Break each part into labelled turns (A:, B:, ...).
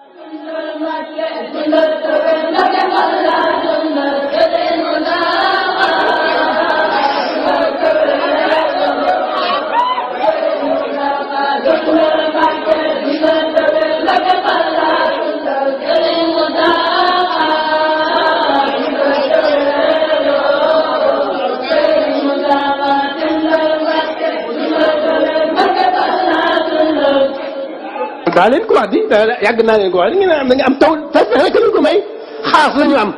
A: Thank you. daa leen ko wax di daa yàgg naa leen ko wax di ngeen am da nga am taw tawfeex rek lañ ko may xaas la ñu am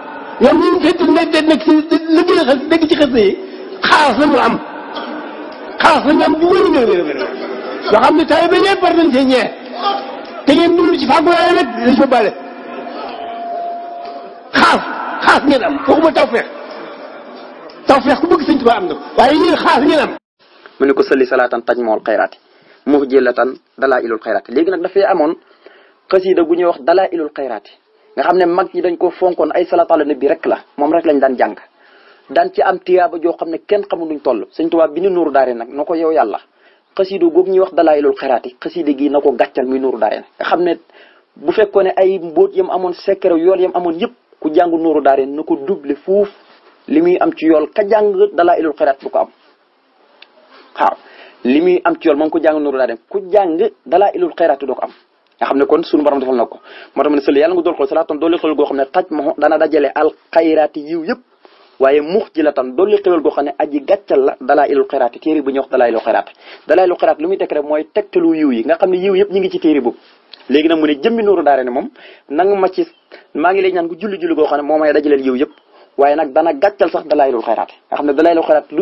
A: ñoom ñu ngi fekk nekk nekk si liggéey xas dégg ci xas yi xaas la ñu am xaas la ñu am bu wér a wér a wér yoo xam ne taw bi ñëpp war nañ cee ñee te ngeen dund ci fàggu waaye rek dañ ko bale xaas
B: xaas ngeen am waxuma tawfeex tawfeex ku bëgg sëñ Tuubaa am na waaye yéen xaas ngeen am. mu ne ko sëlli salaatan taj mool xayraati tan dala ilul xayraati léegi nag dafay amoon xasida gu ñuy wax dalaa ilul xayraati nga xam ne mag ñi dañ ko fonkoon ay salaatu ala nabi rek la moom rek lañ daan jàng daan ci am tiyaaba joo xam ne kenn xamul nuñ toll sëñ Tuubaa bi ni nuuru daare nag na ko yow yàlla xasida goog ñuy wax dalaa ilul xayraati xasida gi na ko gàccal muy nuuru daare nga xam ne bu fekkoon ne ay mbóot yam amoon secret yool yam amoon yëpp ku jàng nuuru daare na ko double fuuf li muy am ci yool ka jàng dalaa ilul xayraati du ko am li muy am ci yool moom ku jàng nuru daa ku jàng dalaa ilul xayraatu doo ko am nga xam ne kon suñu borom defal na ko moo tax ma ne sëli yàlla nga dool xool salaa tan doolli xool goo xam ne taj ma dana dajale al yiw yëpp waaye mux ji la tan doolli xewal goo xam ne aji gàccal la dalaa ilul xayraati téere bu ñuy wax yiw yi nga xam ne yiw yëpp ñi ngi ci téere boobu léegi nag mu moom nanga maa ngi lay ñaan gu julli-julli xam ne moo may dajaleel yiw yëpp waaye nag dana gàccal sax dalaa ilul xayraati nga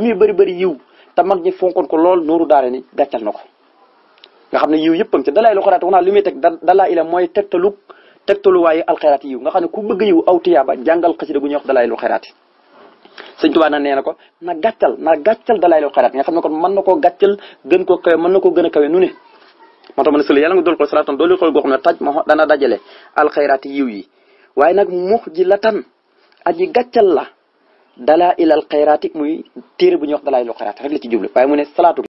B: muy bëri bëri yiw te mag ñi fonkoon ko lool nooru daare ni gàccal na ko nga xam ne yiw yëppam ci dalaay lu xaraat wax naa li muy teg dalaa ila mooy tegtalu tegtalu waaye alxeraat yiw nga xam ne ku bëgg yiw aw tiyaaba jàngal xasida gu ñuy wax dalaay lu xeraat yi sëñ tubaa na nee na ko na gàccal na gàccal dalaay lu xeraat nga xam ne kon mën na koo gàccal gën ko kawe mën na koo gën a kawe nu ne moo tax ma ne sëla yàlla nga dool xool salaatan doolu xool goo xam ne taj ma dana dajale alxeraat yiw yi waaye nag mux ji la tan aji gàccal la dalaa ilal xayraati mu téere bu ñuy wax dalaa ilal xayraati rek
A: la ci jublu waaye